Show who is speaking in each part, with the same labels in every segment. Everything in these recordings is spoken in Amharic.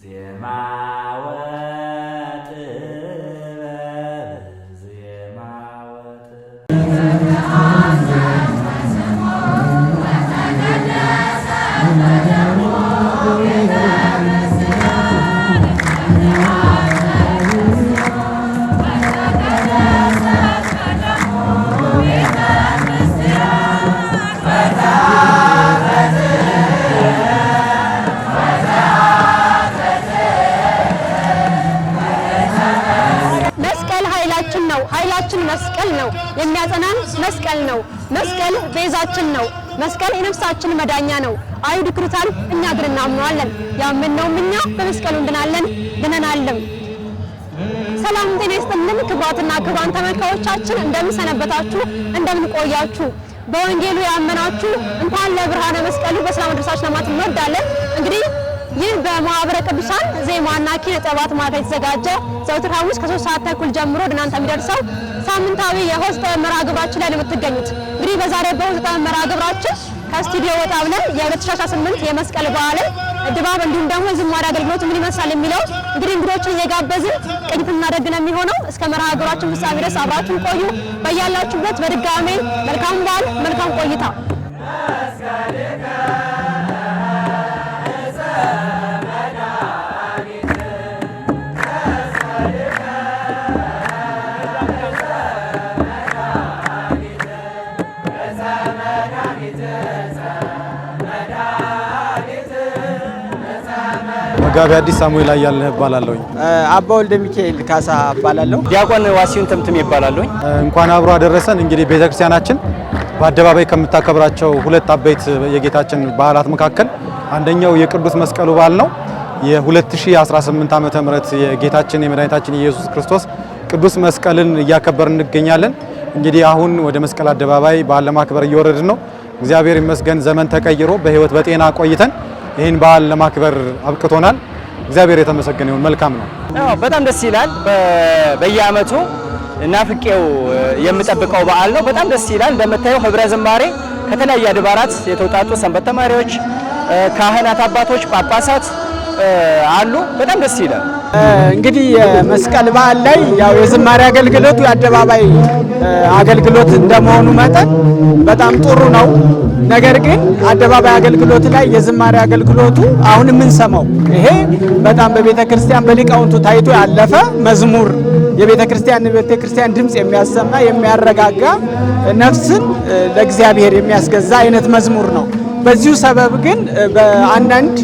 Speaker 1: 爹妈。
Speaker 2: የነፍሳችን መዳኛ ነው። አይሁድ ክሩታል፣ እኛ ግን እናምነዋለን። ያመንነውም እኛ በመስቀሉ እንድናለን ድነናልም። ሰላም ጤና ይስጥልን። ክቡራትና ክቡራን ተመልካዮቻችን እንደምን ሰነበታችሁ? እንደምን ቆያችሁ? በወንጌሉ ያመናችሁ እንኳን ለብርሃነ መስቀሉ በሰላም አደረሳችሁ ለማለት እንወዳለን። እንግዲህ ይህ በማህበረ ቅዱሳን ዜማና ኪነ ጥበባት ማዕከል የተዘጋጀ ዘውትር ሐሙስ ከሶስት ሰዓት ተኩል ጀምሮ ወደ እናንተ የሚደርሰው ሳምንታዊ የሆስተ መርሃ ግብራችን ላይ ነው የምትገኙት። እንግዲህ በዛሬ በሆስተ መርሃ ግብራችን ከስቱዲዮ ወጣ ብለን የ2018 የመስቀል በዓልን ድባብ እንዲሁም ደግሞ የዝማሬ አገልግሎት ምን ይመስላል የሚለው እንግዲህ እንግዶችን እየጋበዝን ቅኝት እናደርግ ነው የሚሆነው። እስከ መርሃ ግብራችን ፍጻሜ ድረስ አብራችሁን ቆዩ። በያላችሁበት በድጋሜ መልካም በዓል፣ መልካም ቆይታ
Speaker 3: ጋቢ አዲስ ሳሙኤል አያልነህ እባላለሁ።
Speaker 4: አባ ወልደ ሚካኤል ካሳ እባላለሁ። ዲያቆን ዋሲሁን ተምትም እባላለሁ።
Speaker 3: እንኳን አብሮ አደረሰን። እንግዲህ ቤተክርስቲያናችን በአደባባይ ከምታከብራቸው ሁለት አበይት የጌታችን በዓላት መካከል አንደኛው የቅዱስ መስቀሉ በዓል ነው። የ2018 ዓ.ም የጌታችን የመድኃኒታችን ኢየሱስ ክርስቶስ ቅዱስ መስቀልን እያከበር እንገኛለን። እንግዲህ አሁን ወደ መስቀል አደባባይ በዓል ለማክበር እየወረድን ነው። እግዚአብሔር ይመስገን ዘመን ተቀይሮ በህይወት በጤና ቆይተን ይህን በዓል ለማክበር አብቅቶናል። እግዚአብሔር የተመሰገነ ይሁን። መልካም ነው።
Speaker 4: በጣም ደስ ይላል። በየአመቱ ናፍቄው የምጠብቀው በዓል ነው። በጣም ደስ ይላል። እንደምታየው ህብረ ዝማሬ ከተለያዩ አድባራት የተውጣጡ ሰንበት ተማሪዎች፣ ካህናት፣ አባቶች፣ ጳጳሳት አሉ። በጣም ደስ ይላል።
Speaker 5: እንግዲህ የመስቀል በዓል ላይ ያው የዝማሬ አገልግሎቱ የአደባባይ አገልግሎት እንደመሆኑ መጠን በጣም ጥሩ ነው። ነገር ግን አደባባይ አገልግሎት ላይ የዝማሬ አገልግሎቱ አሁን የምንሰማው ይሄ በጣም በቤተ ክርስቲያን በሊቃውንቱ ታይቶ ያለፈ መዝሙር የቤተ ክርስቲያን ቤተ ክርስቲያን ድምፅ የሚያሰማ የሚያረጋጋ ነፍስን ለእግዚአብሔር የሚያስገዛ አይነት መዝሙር ነው። በዚሁ ሰበብ ግን በአንዳንድ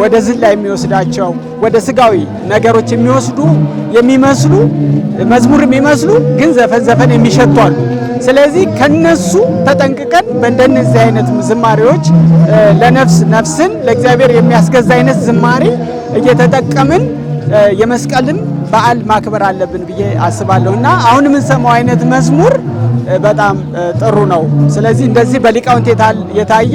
Speaker 5: ወደ ዝላ የሚወስዳቸው ወደ ስጋዊ ነገሮች የሚወስዱ የሚመስሉ መዝሙር የሚመስሉ ግን ዘፈን ዘፈን የሚሸቱ አሉ። ስለዚህ ከነሱ ተጠንቅቀን በእንደነዚህ አይነት ዝማሬዎች ለነፍስ ነፍስን ለእግዚአብሔር የሚያስገዛ አይነት ዝማሬ እየተጠቀምን የመስቀልን በዓል ማክበር አለብን ብዬ አስባለሁ እና አሁን የምንሰማው አይነት መዝሙር በጣም ጥሩ ነው። ስለዚህ እንደዚህ በሊቃውንት የታየ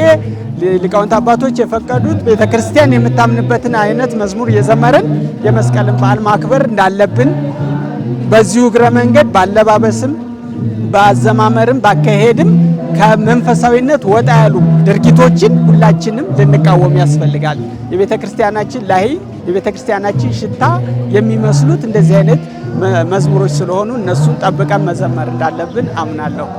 Speaker 5: ሊቃውንት አባቶች የፈቀዱት ቤተ ክርስቲያን የምታምንበትን አይነት መዝሙር የዘመረን የመስቀልን በዓል ማክበር እንዳለብን በዚሁ እግረ መንገድ ባለባበስም በአዘማመርም ባካሄድም ከመንፈሳዊነት ወጣ ያሉ ድርጊቶችን ሁላችንም ልንቃወም ያስፈልጋል። የቤተ ክርስቲያናችን ላይ የቤተ ክርስቲያናችን ሽታ የሚመስሉት እንደዚህ አይነት መዝሙሮች ስለሆኑ እነሱን ጠብቀን መዘመር እንዳለብን አምናለሁ።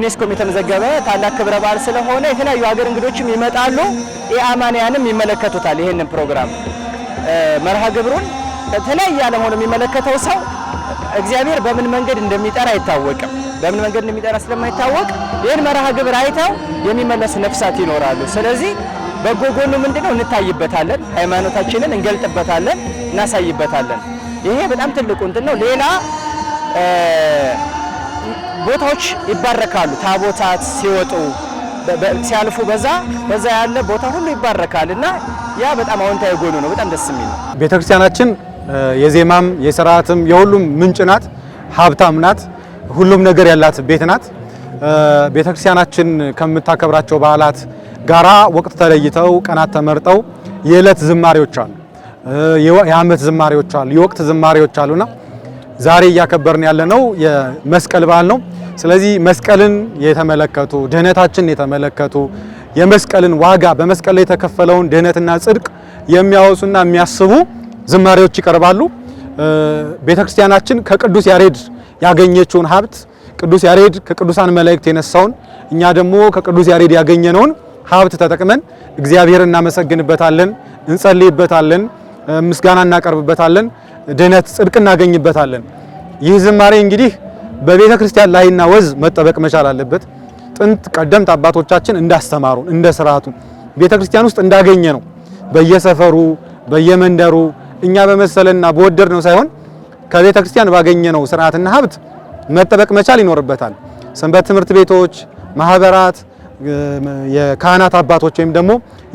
Speaker 4: በዩኔስኮም የተመዘገበ ታላቅ ክብረ በዓል ስለሆነ የተለያዩ ሀገር እንግዶችም ይመጣሉ። የአማንያንም ይመለከቱታል። ይህንን ፕሮግራም መርሃ ግብሩን በተለያየ ዓለም ሆኖ የሚመለከተው ሰው እግዚአብሔር በምን መንገድ እንደሚጠራ አይታወቅም። በምን መንገድ እንደሚጠራ ስለማይታወቅ ይህን መርሃ ግብር አይተው የሚመለስ ነፍሳት ይኖራሉ። ስለዚህ በጎ ጎኑ ምንድነው? እንታይበታለን፣ ሃይማኖታችንን እንገልጥበታለን፣ እናሳይበታለን። ይሄ በጣም ትልቁ እንትን ነው። ሌላ ቦታዎች ይባረካሉ። ታቦታት ሲወጡ ሲያልፉ በዛ በዛ ያለ ቦታ ሁሉ ይባረካል እና ያ በጣም አዎንታዊ ጎኑ ነው። በጣም ደስ የሚል ነው።
Speaker 3: ቤተክርስቲያናችን የዜማም የስርዓትም የሁሉም ምንጭ ናት፣ ሀብታም ናት፣ ሁሉም ነገር ያላት ቤት ናት። ቤተክርስቲያናችን ከምታከብራቸው በዓላት ጋራ ወቅት ተለይተው ቀናት ተመርጠው የዕለት ዝማሬዎች አሉ፣ የዓመት ዝማሬዎች አሉ፣ የወቅት ዝማሬዎች አሉና ዛሬ እያከበርን ያለነው የመስቀል በዓል ነው። ስለዚህ መስቀልን የተመለከቱ ድህነታችንን የተመለከቱ የመስቀልን ዋጋ በመስቀል ላይ የተከፈለውን ድህነትና ጽድቅ የሚያወሱና የሚያስቡ ዝማሬዎች ይቀርባሉ። ቤተክርስቲያናችን ከቅዱስ ያሬድ ያገኘችውን ሀብት ቅዱስ ያሬድ ከቅዱሳን መላእክት የነሳውን እኛ ደግሞ ከቅዱስ ያሬድ ያገኘነውን ሀብት ተጠቅመን እግዚአብሔር እናመሰግንበታለን፣ እንጸልይበታለን፣ ምስጋና እናቀርብበታለን፣ ድህነት ጽድቅ እናገኝበታለን። ይህ ዝማሬ እንግዲህ በቤተ ክርስቲያን ላይና ወዝ መጠበቅ መቻል አለበት። ጥንት ቀደምት አባቶቻችን እንዳስተማሩን እንደ ስርዓቱ ቤተ ክርስቲያን ውስጥ እንዳገኘ ነው በየሰፈሩ በየመንደሩ እኛ በመሰለና በወደድ ነው ሳይሆን ከቤተ ክርስቲያን ባገኘ ነው ስርዓትና ሀብት መጠበቅ መቻል ይኖርበታል። ሰንበት ትምህርት ቤቶች፣ ማህበራት፣ የካህናት አባቶች ወይም ደግሞ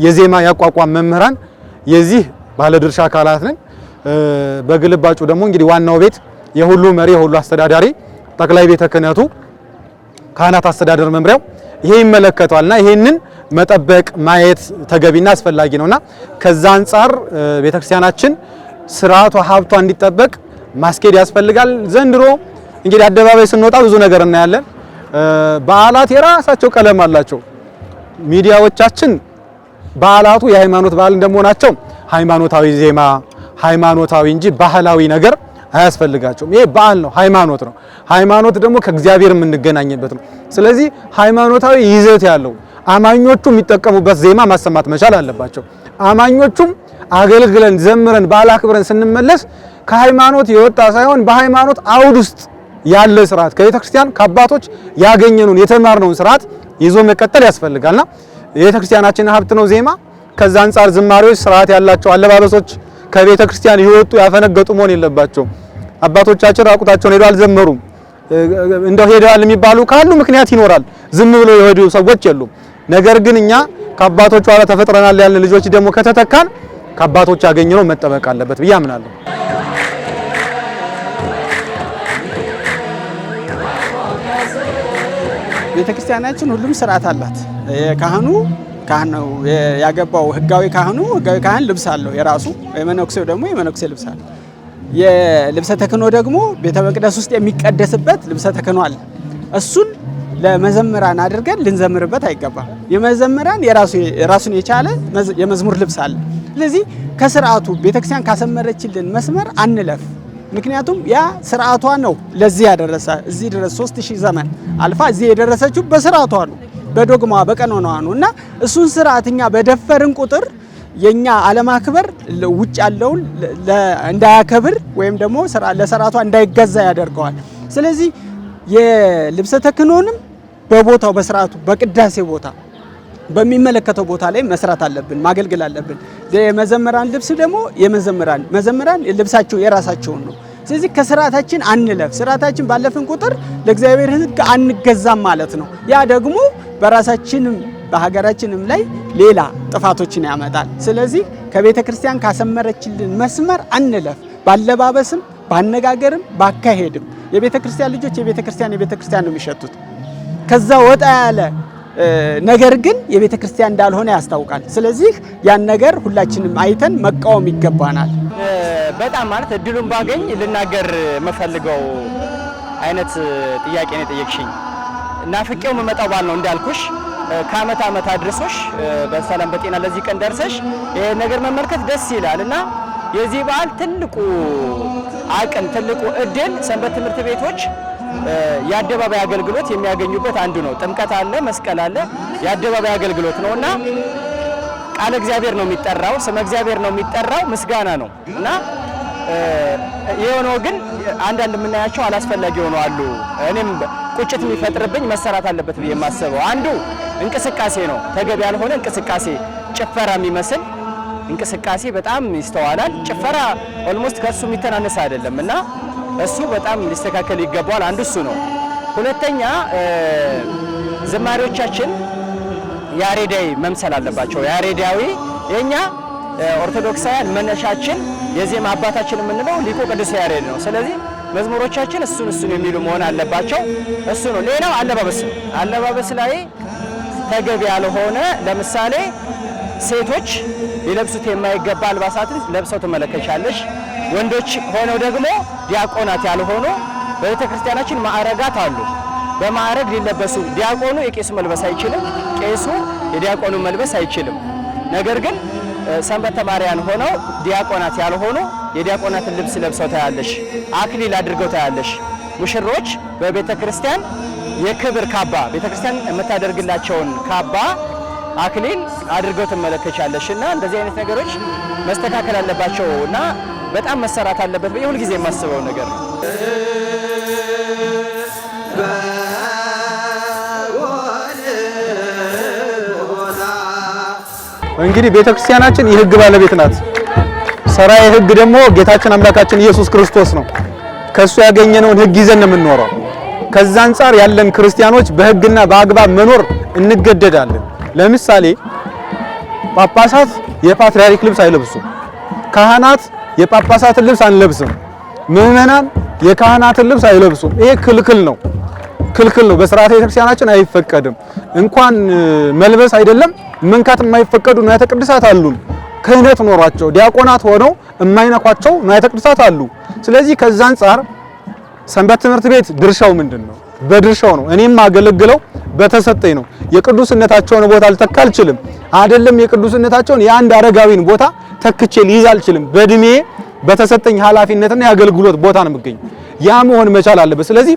Speaker 3: የዜማ ያቋቋም መምህራን የዚህ ባለድርሻ አካላት ነን። በግልባጩ ደግሞ እንግዲህ ዋናው ቤት የሁሉ መሪ የሁሉ አስተዳዳሪ ጠቅላይ ቤተ ክህነቱ ካህናት አስተዳደር መምሪያው ይሄ ይመለከቷልና ይሄንን መጠበቅ ማየት ተገቢና አስፈላጊ ነውና ከዛ አንጻር ቤተክርስቲያናችን ስርዓቷ ሀብቷ እንዲጠበቅ ማስኬድ ያስፈልጋል። ዘንድሮ እንግዲህ አደባባይ ስንወጣ ብዙ ነገር እናያለን። በዓላት የራሳቸው ቀለም አላቸው። ሚዲያዎቻችን በዓላቱ የሃይማኖት በዓል እንደመሆናቸው ሃይማኖታዊ ዜማ ሃይማኖታዊ እንጂ ባህላዊ ነገር አያስፈልጋቸውም። ይሄ በዓል ነው፣ ሃይማኖት ነው። ሃይማኖት ደግሞ ከእግዚአብሔር የምንገናኝበት ነው። ስለዚህ ሃይማኖታዊ ይዘት ያለው አማኞቹ የሚጠቀሙበት ዜማ ማሰማት መቻል አለባቸው። አማኞቹም አገልግለን ዘምረን በዓል አክብረን ስንመለስ ከሃይማኖት የወጣ ሳይሆን በሃይማኖት አውድ ውስጥ ያለ ስርዓት ከቤተ ክርስቲያን ከአባቶች ያገኘነውን የተማርነውን ስርዓት ይዞ መቀጠል ያስፈልጋልና የቤተ ክርስቲያናችን ሀብት ነው ዜማ። ከዛ አንጻር ዝማሬዎች ስርዓት ያላቸው አለባበሶች ከቤተ ክርስቲያን የወጡ ያፈነገጡ መሆን የለባቸው። አባቶቻችን ራቁታቸውን ሄደው አልዘመሩም። እንደው ሄደዋል የሚባሉ ካሉ ምክንያት ይኖራል። ዝም ብሎ የሄዱ ሰዎች የሉም። ነገር ግን እኛ ከአባቶች ኋላ ተፈጥረናል ያልን ልጆች ደግሞ ከተተካን ከአባቶች ያገኘነው መጠበቅ አለበት ብዬ አምናለሁ።
Speaker 5: ቤተክርስቲያናችን ሁሉም ስርዓት አላት። ካህኑ ካህን ነው ያገባው። ህጋዊ ካህኑ ህጋዊ ካህን ልብስ አለው የራሱ፣ የመነኩሴው ደግሞ የመነኩሴ ልብስ አለው። የልብሰ ተክህኖ ደግሞ ቤተ መቅደስ ውስጥ የሚቀደስበት ልብሰ ተክህኖ አለ። እሱን ለመዘምራን አድርገን ልንዘምርበት አይገባም። የመዘምራን የራሱን የቻለ የመዝሙር ልብስ አለ። ስለዚህ ከስርዓቱ ቤተክርስቲያን ካሰመረችልን መስመር አንለፍ። ምክንያቱም ያ ስርዓቷ ነው ለዚህ ያደረሰ እዚህ ድረስ 3000 ዘመን አልፋ እዚህ የደረሰችው በስርዓቷ ነው፣ በዶግማ በቀኖኗ ነው እና እሱን ስርዓት እኛ በደፈርን ቁጥር የኛ አለማክበር ውጭ ያለውን እንዳያከብር ወይም ደግሞ ለስርዓቷ እንዳይገዛ ያደርገዋል። ስለዚህ የልብሰ ተክህኖንም በቦታው በስርዓቱ በቅዳሴ ቦታ በሚመለከተው ቦታ ላይ መስራት አለብን፣ ማገልገል አለብን። የመዘምራን ልብስ ደግሞ የመዘምራን መዘምራን ልብሳቸው የራሳቸውን ነው። ስለዚህ ከስርዓታችን አንለፍ። ስርዓታችን ባለፍን ቁጥር ለእግዚአብሔር ሕግ አንገዛም ማለት ነው። ያ ደግሞ በራሳችንም በሀገራችንም ላይ ሌላ ጥፋቶችን ያመጣል። ስለዚህ ከቤተ ክርስቲያን ካሰመረችልን መስመር አንለፍ። ባለባበስም፣ ባነጋገርም፣ ባካሄድም የቤተ ክርስቲያን ልጆች የቤተ ክርስቲያን የቤተ ክርስቲያን ነው የሚሸቱት። ከዛ ወጣ ያለ ነገር ግን የቤተ ክርስቲያን እንዳልሆነ ያስታውቃል። ስለዚህ ያን ነገር ሁላችንም አይተን መቃወም ይገባናል።
Speaker 4: በጣም ማለት እድሉን ባገኝ ልናገር የምፈልገው አይነት ጥያቄ ነው የጠየቅሽኝ። ናፍቄው የምመጣው ባል ነው እንዳልኩሽ ከአመት አመት አድርሶሽ በሰላም በጤና ለዚህ ቀን ደርሰሽ ይሄ ነገር መመልከት ደስ ይላል እና የዚህ በዓል ትልቁ አቅም ትልቁ እድል ሰንበት ትምህርት ቤቶች የአደባባይ አገልግሎት የሚያገኙበት አንዱ ነው። ጥምቀት አለ፣ መስቀል አለ፣ የአደባባይ አገልግሎት ነው እና ቃለ እግዚአብሔር ነው የሚጠራው፣ ስመ እግዚአብሔር ነው የሚጠራው፣ ምስጋና ነው እና የሆነው ግን አንዳንድ የምናያቸው አላስፈላጊ የሆኑ አሉ። እኔም ቁጭት የሚፈጥርብኝ መሰራት አለበት ብዬ የማስበው አንዱ እንቅስቃሴ ነው። ተገቢ ያልሆነ እንቅስቃሴ ጭፈራ የሚመስል እንቅስቃሴ በጣም ይስተዋላል። ጭፈራ ኦልሞስት ከእሱ የሚተናነስ አይደለም እና እሱ በጣም ሊስተካከል ይገባዋል። አንዱ እሱ ነው። ሁለተኛ ዝማሪዎቻችን ያሬዳዊ መምሰል አለባቸው። ያሬዳዊ የኛ ኦርቶዶክሳውያን መነሻችን የዜማ አባታችን የምንለው ሊቁ ቅዱስ ያሬድ ነው። ስለዚህ መዝሙሮቻችን እሱን እሱን የሚሉ መሆን አለባቸው። እሱ ነው። ሌላው አለባበስ ነው። አለባበስ ላይ ተገቢ ያልሆነ ለምሳሌ ሴቶች ሊለብሱት የማይገባ አልባሳትን ለብሰው ትመለከቻለሽ። ወንዶች ሆነው ደግሞ ዲያቆናት ያልሆኑ በቤተ ክርስቲያናችን ማዕረጋት አሉ። በማዕረግ ሊለበሱ ዲያቆኑ የቄሱ መልበስ አይችልም፣ ቄሱ የዲያቆኑ መልበስ አይችልም። ነገር ግን ሰንበት ተማሪያን ሆነው ዲያቆናት ያልሆኑ የዲያቆናትን ልብስ ለብሰው ታያለሽ። አክሊል አድርገው ታያለሽ። ሙሽሮች በቤተ ክርስቲያን የክብር ካባ ቤተክርስቲያን የምታደርግላቸውን ካባ አክሊል አድርገው ትመለከቻለሽ። እና እንደዚህ አይነት ነገሮች መስተካከል አለባቸው እና በጣም መሰራት አለበት ብዬ ሁልጊዜ የማስበው ነገር ነው።
Speaker 3: እንግዲህ ቤተክርስቲያናችን የህግ ባለቤት ናት። ሰራዊ ህግ ደግሞ ጌታችን አምላካችን ኢየሱስ ክርስቶስ ነው። ከእሱ ያገኘነውን ህግ ይዘን ነው የምንኖረው። ከዛ አንጻር ያለን ክርስቲያኖች በህግና በአግባብ መኖር እንገደዳለን። ለምሳሌ ጳጳሳት የፓትርያርክ ልብስ አይለብሱም። ካህናት የጳጳሳትን ልብስ አንለብስም። ምዕመናን የካህናትን ልብስ አይለብሱም። ይሄ ክልክል ነው፣ ክልክል ነው። በስርዓተ ቤተክርስቲያናችን አይፈቀድም። እንኳን መልበስ አይደለም መንካት የማይፈቀዱ ንዋያተ ቅድሳት አሉን። ክህነት ኖሯቸው ዲያቆናት ሆነው የማይነኳቸው ንዋያተ ቅድሳት አሉ። ስለዚህ ከዛ አንጻር ሰንበት ትምህርት ቤት ድርሻው ምንድን ነው? በድርሻው ነው። እኔም አገለግለው በተሰጠኝ ነው። የቅዱስነታቸውን ቦታ ልተካ አልችልም። አይደለም የቅዱስነታቸውን የአንድ አረጋዊን ቦታ ተክቼ ሊይዝ አልችልም። በእድሜ በተሰጠኝ ኃላፊነትና የአገልግሎት ቦታ ነው የምገኝ። ያ መሆን መቻል አለበት። ስለዚህ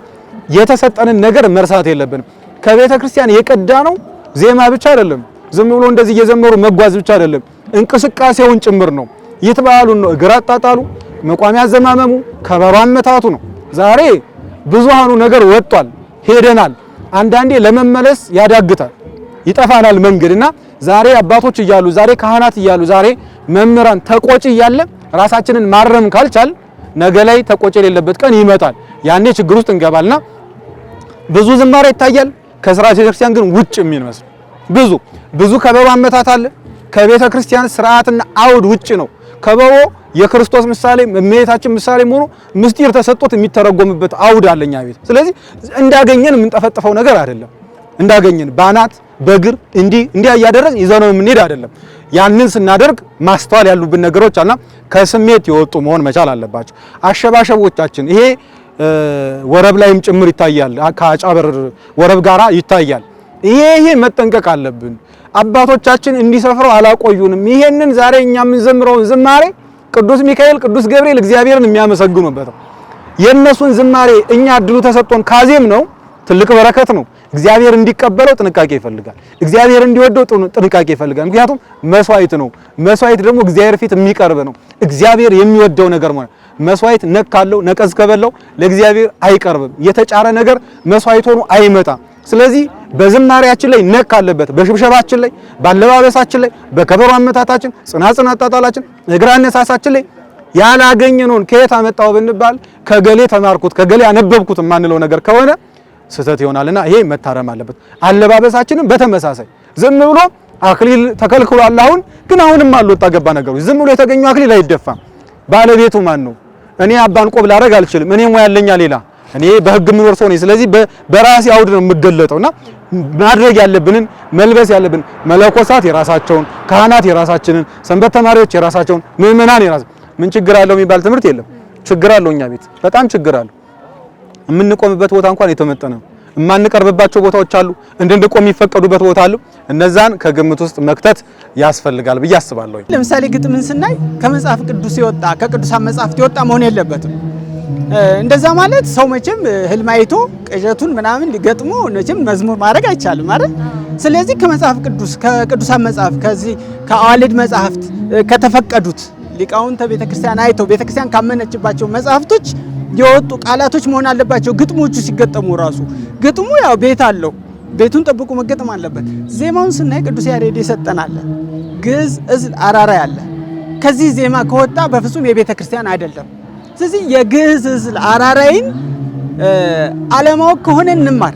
Speaker 3: የተሰጠንን ነገር መርሳት የለብንም። ከቤተ ክርስቲያን የቀዳ ነው ዜማ ብቻ አይደለም። ዝም ብሎ እንደዚህ እየዘመሩ መጓዝ ብቻ አይደለም፣ እንቅስቃሴውን ጭምር ነው። በዓሉን ነው፣ እግር አጣጣሉ፣ መቋሚያ አዘማመሙ፣ ከበሮ አመታቱ ነው። ዛሬ ብዙሃኑ ነገር ወጥቷል፣ ሄደናል። አንዳንዴ ለመመለስ ያዳግታል፣ ይጠፋናል መንገድና ዛሬ አባቶች እያሉ ዛሬ ካህናት እያሉ ዛሬ መምህራን ተቆጪ እያለ ራሳችንን ማረም ካልቻል ነገ ላይ ተቆጪ የሌለበት ቀን ይመጣል። ያኔ ችግር ውስጥ እንገባልና ብዙ ዝማሬ ይታያል፣ ከስርዓተ ቤተክርስቲያን ግን ውጭ የሚመስል ብዙ ብዙ ከበባ አመታት አለ። ከቤተክርስቲያን ስርዓትና አውድ ውጭ ነው ከበቦ የክርስቶስ ምሳሌ እመቤታችን ምሳሌ ሆኖ ምስጢር ተሰጥቶት የሚተረጎምበት አውድ አለኛ ቤት። ስለዚህ እንዳገኘን የምንጠፈጥፈው ነገር አይደለም። እንዳገኘን ባናት በእግር እንዲህ እንዲህ እያደረግን ይዘነው የምንሄድ አይደለም። ያንን ስናደርግ ማስተዋል ያሉብን ነገሮች አና ከስሜት የወጡ መሆን መቻል አለባቸው። አሸባሸቦቻችን ይሄ ወረብ ላይም ጭምር ይታያል። ከአጫበር ወረብ ጋራ ይታያል። ይሄ ይሄ መጠንቀቅ አለብን። አባቶቻችን እንዲሰፍረው አላቆዩንም። ይሄንን ዛሬ እኛ የምንዘምረውን ዝማሬ ቅዱስ ሚካኤል፣ ቅዱስ ገብርኤል እግዚአብሔርን የሚያመሰግኑበት ነው። የእነሱን ዝማሬ እኛ እድሉ ተሰጥቶን ካዜም ነው ትልቅ በረከት ነው። እግዚአብሔር እንዲቀበለው ጥንቃቄ ይፈልጋል። እግዚአብሔር እንዲወደው ጥንቃቄ ይፈልጋል። ምክንያቱም መስዋዕት ነው። መስዋዕት ደግሞ እግዚአብሔር ፊት የሚቀርብ ነው። እግዚአብሔር የሚወደው ነገር ነው። መስዋዕት ነካለው ነቀዝ ከበላው ለእግዚአብሔር አይቀርብም። የተጫረ ነገር መስዋዕት ሆኖ አይመጣም። ስለዚህ በዝማሬያችን ላይ ነክ አለበት፣ በሽብሸባችን ላይ፣ በአለባበሳችን ላይ፣ በከበሮ አመታታችን፣ ጽናጽን አጣጣላችን፣ እግር አነሳሳችን ላይ ያላገኘነውን ከየት አመጣው ብንባል ከገሌ ተማርኩት ከገሌ ያነበብኩት የማንለው ነገር ከሆነ ስህተት ይሆናልና ይሄ መታረም አለበት። አለባበሳችንም በተመሳሳይ ዝም ብሎ አክሊል ተከልክሏል። አሁን ግን አሁንም አልወጣ ገባ ነገሮች ዝም ብሎ የተገኘው አክሊል አይደፋም። ባለቤቱ ማን ነው? እኔ አባን ቆብ ላረግ አልችልም። እኔ ሙያ ሌላ እኔ በህግ የምኖር ሰው ነኝ። ስለዚህ በራሴ አውድ ነው የምገለጠውና ማድረግ ያለብንን መልበስ ያለብን መለኮሳት የራሳቸውን፣ ካህናት የራሳችንን፣ ሰንበት ተማሪዎች የራሳቸውን፣ ምእመናን የራስ ምን ችግር አለው የሚባል ትምህርት የለም። ችግር አለው፣ እኛ ቤት በጣም ችግር አለው። የምንቆምበት ቦታ እንኳን የተመጠነ ነው። የማንቀርብባቸው ቦታዎች አሉ። እንድንቆም የሚፈቀዱበት ቦታ አሉ። እነዛን ከግምት ውስጥ መክተት ያስፈልጋል ብዬ አስባለሁ።
Speaker 5: ለምሳሌ ግጥምን ስናይ ከመጽሐፍ ቅዱስ የወጣ ከቅዱሳን መጽሐፍት የወጣ መሆን የለበትም። እንደዛ ማለት ሰው መቼም ህልም አይቶ ቅዠቱን ምናምን ሊገጥሞ መቼም መዝሙር ማድረግ አይቻልም አይደል? ስለዚህ ከመጽሐፍ ቅዱስ ከቅዱሳን መጽሐፍ ከዚህ ከአዋልድ መጽሐፍት ከተፈቀዱት ሊቃውንተ ቤተክርስቲያን አይተው ቤተክርስቲያን ካመነችባቸው መጽሐፍቶች የወጡ ቃላቶች መሆን አለባቸው። ግጥሞቹ ሲገጠሙ ራሱ ግጥሙ ያው ቤት አለው ቤቱን ጠብቆ መገጠም አለበት። ዜማውን ስናይ ቅዱስ ያሬድ ይሰጠናል። ግዕዝ፣ ዕዝል፣ አራራ ያለ ከዚህ ዜማ ከወጣ በፍጹም የቤተክርስቲያን አይደለም። ስለዚህ የግዕዝ አራራይን አለማወቅ ከሆነ እንማር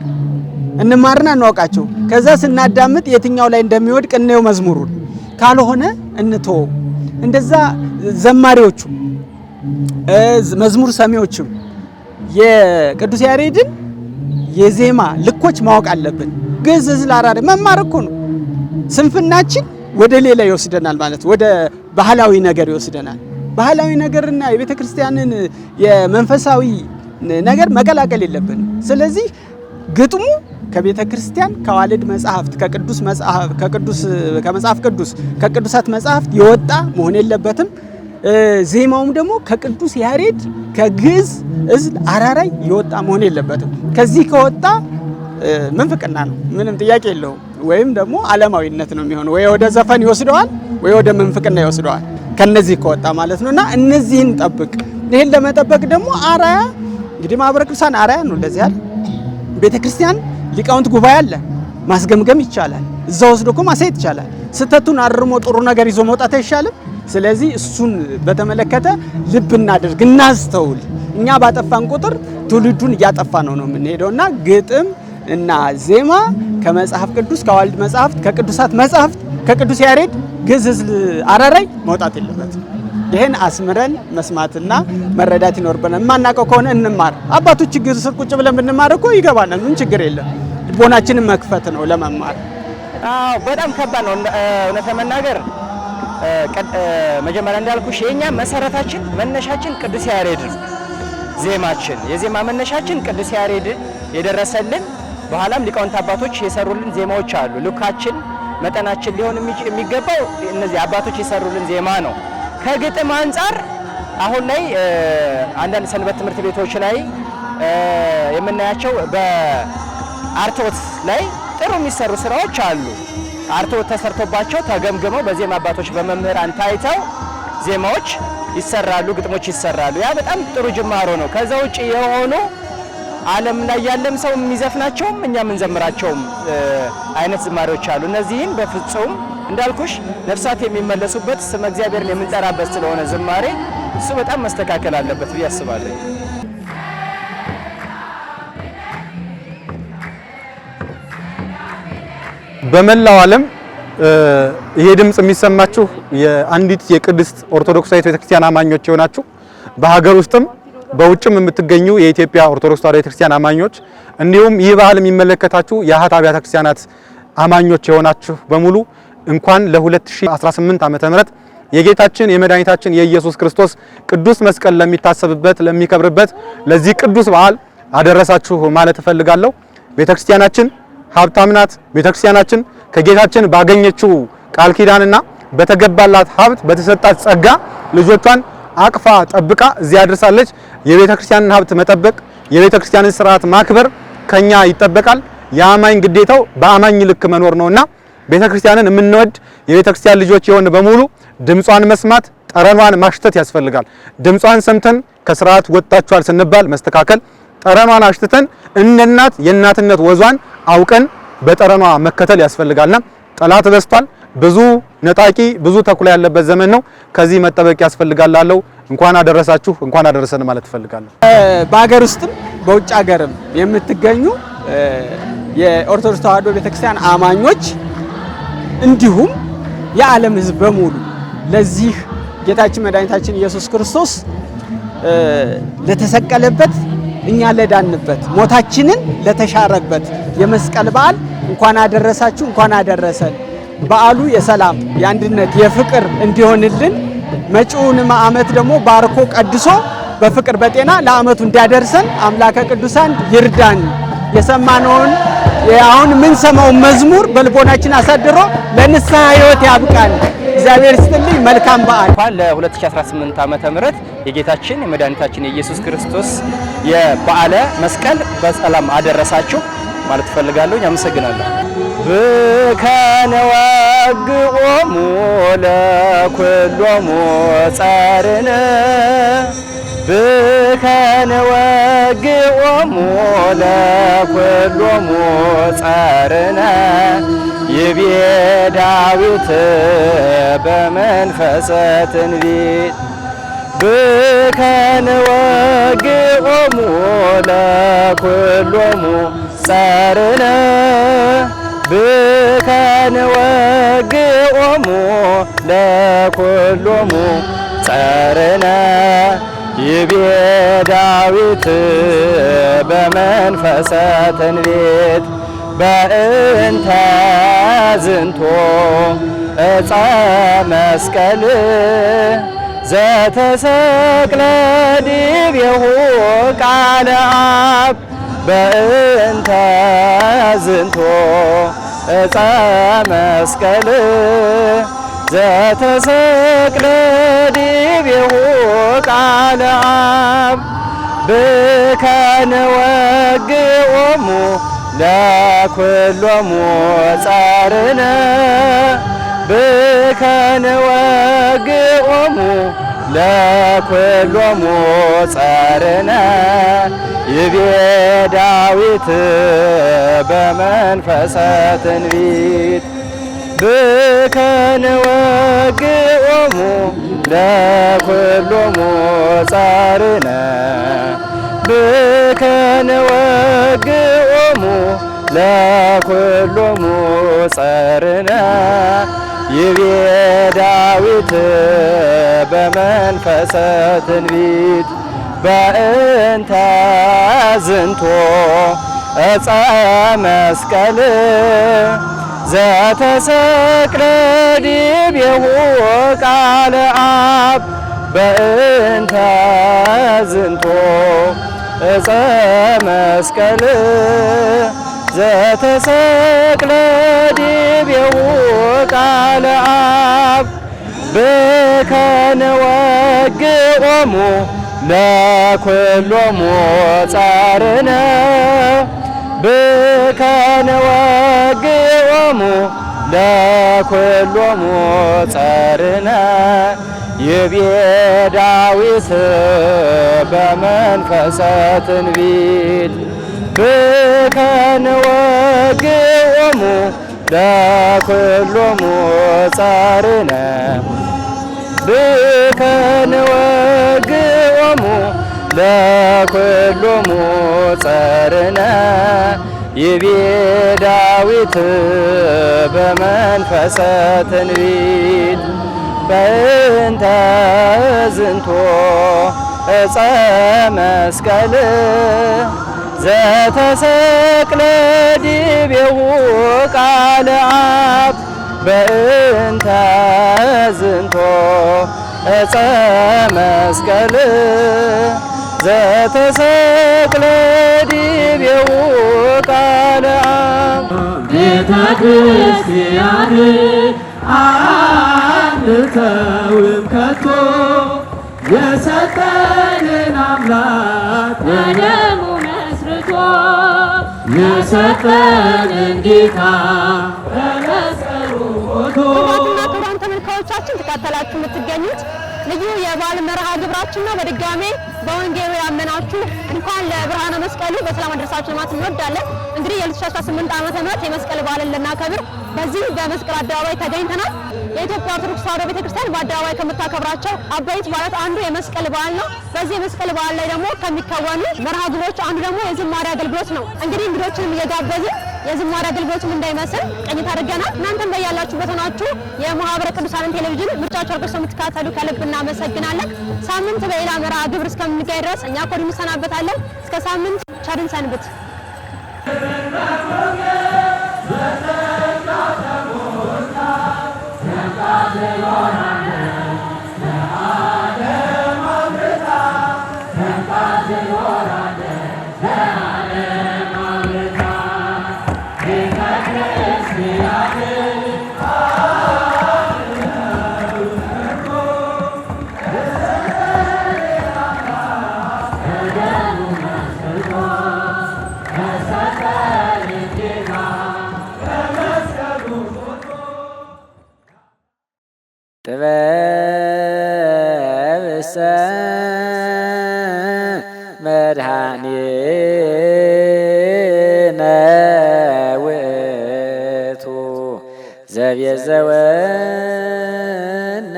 Speaker 5: እንማርና እናውቃቸው። ከዛ ስናዳምጥ የትኛው ላይ እንደሚወድቅ እንየው መዝሙሩን፣ ካልሆነ እንትወ እንደዛ ዘማሪዎቹም መዝሙር ሰሚዎችም የቅዱስ ያሬድን የዜማ ልኮች ማወቅ አለብን። ግዕዝ ዕዝል አራራይ መማር እኮ ነው። ስንፍናችን ወደ ሌላ ይወስደናል ማለት ወደ ባህላዊ ነገር ይወስደናል። ባህላዊ ነገርና የቤተ ክርስቲያንን የመንፈሳዊ ነገር መቀላቀል የለብንም። ስለዚህ ግጥሙ ከቤተ ክርስቲያን ከዋልድ መጽሐፍት ከቅዱስ መጽሐፍ ከቅዱስ ከመጽሐፍ ቅዱስ ከቅዱሳት መጽሐፍት የወጣ መሆን የለበትም። ዜማውም ደግሞ ከቅዱስ ያሬድ ከግዕዝ እዝል አራራይ የወጣ መሆን የለበትም። ከዚህ ከወጣ ምንፍቅና ነው፣ ምንም ጥያቄ የለውም። ወይም ደግሞ ዓለማዊነት ነው የሚሆነው። ወይ ወደ ዘፈን ይወስደዋል፣ ወይ ወደ ምንፍቅና ይወስደዋል። ከነዚህ ከወጣ ማለት ነው እና እነዚህን ጠብቅ። ይህን ለመጠበቅ ደግሞ አራያ እንግዲህ ማህበረ ቅዱሳን አራያ ነው። ለዚህ አይደል ቤተ ክርስቲያን ሊቃውንት ጉባኤ አለ። ማስገምገም ይቻላል። እዛ ወስዶ እኮ ማሳየት ይቻላል። ስህተቱን አርሞ ጥሩ ነገር ይዞ መውጣት አይሻልም? ስለዚህ እሱን በተመለከተ ልብ እናደርግ እናስተውል። እኛ ባጠፋን ቁጥር ትውልዱን እያጠፋ ነው ነው የምንሄደው እና ግጥም እና ዜማ ከመጽሐፍ ቅዱስ ከዋልድ መጽሐፍት ከቅዱሳት መጽሐፍት ከቅዱስ ያሬድ ግዝዝ አራራይ መውጣት የለበትም። ይህን አስምረን መስማትና መረዳት ይኖርብናል። የማናውቀው ከሆነ እንማር። አባቶች ችግር ስር ቁጭ ብለን ብንማር እኮ ይገባናል። ምን ችግር የለም። ልቦናችንን መክፈት ነው ለመማር።
Speaker 4: አዎ በጣም ከባድ ነው እውነት ለመናገር መጀመሪያ እንዳልኩሽ የኛ መሰረታችን መነሻችን ቅዱስ ያሬድ ነው። ዜማችን የዜማ መነሻችን ቅዱስ ያሬድ የደረሰልን በኋላም ሊቃውንት አባቶች የሰሩልን ዜማዎች አሉ ልካችን መጠናችን ሊሆን የሚገባው እነዚህ አባቶች የሰሩልን ዜማ ነው። ከግጥም አንጻር አሁን ላይ አንዳንድ ሰንበት ትምህርት ቤቶች ላይ የምናያቸው በአርቶት ላይ ጥሩ የሚሰሩ ስራዎች አሉ። አርቶት ተሰርቶባቸው ተገምግመው በዜማ አባቶች በመምህራን ታይተው ዜማዎች ይሰራሉ፣ ግጥሞች ይሰራሉ። ያ በጣም ጥሩ ጅማሮ ነው። ከዛ ውጭ የሆኑ ዓለም ላይ ያለም ሰው የሚዘፍናቸውም እኛ የምንዘምራቸውም አይነት ዝማሬዎች አሉ። እነዚህም በፍጹም እንዳልኩሽ ነፍሳት የሚመለሱበት ስመ እግዚአብሔርን የምንጠራበት ስለሆነ ዝማሬ እሱ በጣም መስተካከል አለበት ብዬ አስባለሁ።
Speaker 3: በመላው ዓለም ይሄ ድምፅ የሚሰማችሁ የአንዲት የቅድስት ኦርቶዶክሳዊት ቤተክርስቲያን አማኞች የሆናችሁ በሀገር ውስጥም በውጭም የምትገኙ የኢትዮጵያ ኦርቶዶክስ ተዋሕዶ ቤተክርስቲያን አማኞች እንዲሁም ይህ በዓል የሚመለከታችሁ የአኃት አብያተ ክርስቲያናት አማኞች የሆናችሁ በሙሉ እንኳን ለ2018 ዓ ም የጌታችን የመድኃኒታችን የኢየሱስ ክርስቶስ ቅዱስ መስቀል ለሚታሰብበት ለሚከብርበት ለዚህ ቅዱስ በዓል አደረሳችሁ ማለት እፈልጋለሁ። ቤተክርስቲያናችን ሀብታም ናት። ቤተክርስቲያናችን ከጌታችን ባገኘችው ቃል ኪዳንና በተገባላት ሀብት በተሰጣት ጸጋ ልጆቿን አቅፋ ጠብቃ እዚህ አድርሳለች። የቤተ ክርስቲያንን ሀብት መጠበቅ፣ የቤተ ክርስቲያንን ስርዓት ማክበር ከኛ ይጠበቃል። የአማኝ ግዴታው በአማኝ ልክ መኖር ነውና ቤተ ክርስቲያንን የምንወድ የቤተ ክርስቲያን ልጆች የሆን በሙሉ ድምጿን መስማት፣ ጠረኗን ማሽተት ያስፈልጋል። ድምጿን ሰምተን ከስርዓት ወጣችኋል ስንባል መስተካከል፣ ጠረኗን አሽትተን እንደ እናት የእናትነት ወዟን አውቀን በጠረኗ መከተል ያስፈልጋልና ጠላት በዝቷል። ብዙ ነጣቂ ብዙ ተኩላ ያለበት ዘመን ነው። ከዚህ መጠበቅ ያስፈልጋል። እንኳን አደረሳችሁ እንኳን አደረሰን ማለት እፈልጋለሁ።
Speaker 4: በሀገር ውስጥም በውጭ ሀገርም የምትገኙ የኦርቶዶክስ ተዋሕዶ ቤተክርስቲያን አማኞች እንዲሁም የዓለም ሕዝብ በሙሉ ለዚህ ጌታችን መድኃኒታችን ኢየሱስ ክርስቶስ ለተሰቀለበት እኛ ለዳንበት ሞታችንን ለተሻረበት የመስቀል በዓል እንኳን አደረሳችሁ እንኳን አደረሰን። በዓሉ የሰላም የአንድነት፣ የፍቅር እንዲሆንልን መጪውንም ዓመት ደግሞ ባርኮ ቀድሶ በፍቅር በጤና ለዓመቱ እንዲያደርሰን አምላከ ቅዱሳን ይርዳን። የሰማነውን አሁን የምንሰማውን መዝሙር በልቦናችን አሳድሮ ለንስሐ ሕይወት ያብቃን። እግዚአብሔር ስትልኝ መልካም በዓል።
Speaker 3: እንኳን ለ2018 ዓመተ ምህረት የጌታችን የመድኃኒታችን የኢየሱስ ክርስቶስ የበዓለ መስቀል በሰላም አደረሳችሁ። ማለት እፈልጋለሁኝ። አመሰግናለሁ።
Speaker 1: ብከነ ወግኦሙ ለኩሎሙ ጻርነ ብከነ ወግኦሙ ለኩሎሙ ጻርነ ይቤ ዳዊት በመንፈሰ ትንቢት ብከነ ወግኦሙ ለኩሎሙ ጸርነ ብከንወግኦሙ ለኵሎሙ ጸርነ ይቤ ዳዊት በመንፈሰ ትንቢት በእንተ ዝንቶ ዕፀ መስቀል ዘተሰቅለ ዲቤሁ ቃለ አብ በእንተ ዝንቶ ዕፀ መስቀል ዘተሰቅለ ዲቤሁ ቃለ አብ ብከ ንወግኦሙ ለኵሎሙ ጸርነ ብከ ለኩሎሙ ጸርነ ይቤ ዳዊት በመንፈሰ ትንቢት ብከ ንወግኦሙ ለኵሎሙ ጸርነ ብከ ንወግኦሙ ለኵሎሙ ጸርነ ይቤ ዳዊት በመንፈሰ ትንቢት በእንተ ዝንቶ መስቀል ዘተሰቅለ ዲቤሁ ቃለ አብ በእንተ ዝንቶ መስቀል ዘተሰቅለ ዲቤው ቃለ አብ ብከነ ወግኦሙ ለኩሎሙ ጻርነ ብከነ ወግኦሙ ለኩሎሙ ጻርነ ይቤ ዳዊት በመንፈሰ ትንቢት ብከነ ለኩሎሙ ሞጻርነ ብከ ንወግኦሙ ለኩሉ ሞጻርነ ይቤ ዳዊት በመንፈሰ ትንቢት በእንተ ዝንቶ እፀ መስቀል ዘተሰቅለ ዲቤሁ ቃለ አብ በእንተ ዝንቶ እፀ መስቀል ዘተሰቅለ ዲቤሁ ቃለ አብ ቤተ ክርስቲያን አንተውም ከቶ የሰጠንን አምላክ የሰጠንን ጌታ በመስቀሉ ሞቶ
Speaker 2: ተከታታዮቻችን ተከታተላችሁ የምትገኙት ልዩ የበዓል መርሃ ግብራችን ነው። በድጋሜ በወንጌሉ ያመናችሁ እንኳን ለብርሃነ መስቀሉ በሰላም አደረሳችሁ ለማለት እንወዳለን። እንግዲህ የ2018 ዓመተ ምህረት የመስቀል በዓልን ልናከብር በዚህ በመስቀል አደባባይ ተገኝተናል። የኢትዮጵያ ኦርቶዶክስ ተዋሕዶ ቤተክርስቲያን በአደባባይ ከምታከብራቸው አበይት በዓላት አንዱ የመስቀል በዓል ነው። በዚህ የመስቀል በዓል ላይ ደግሞ ከሚከወኑ መርሃ ግብሮች አንዱ ደግሞ የዝማሬ አገልግሎት ነው። እንግዲህ እንግዶችንም እየጋበዝን የዝማሬ አገልግሎትም እንዳይመስል ቀኝት አድርገናል። እናንተም በያላችሁበት ሆናችሁ የማህበረ ቅዱሳንን ቴሌቪዥን ምርጫችሁ አድርጋችሁ የምትከታተሉ ከልብ እናመሰግናለን። ሳምንት በሌላ መርሃ ግብር እስከምንገኝ ድረስ እኛ ኮድ እንሰናበታለን። እስከ ሳምንት ቸርን ሰንብት።
Speaker 1: ጥበብሰ መድኃኒነ ውእቱ ዘቤዘወነ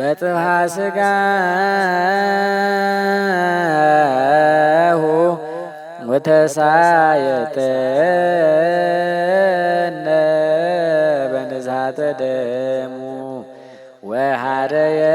Speaker 1: በጥብሃ ስጋሁ ወተሳየተነ በንዛተ ಹರೆಯೇ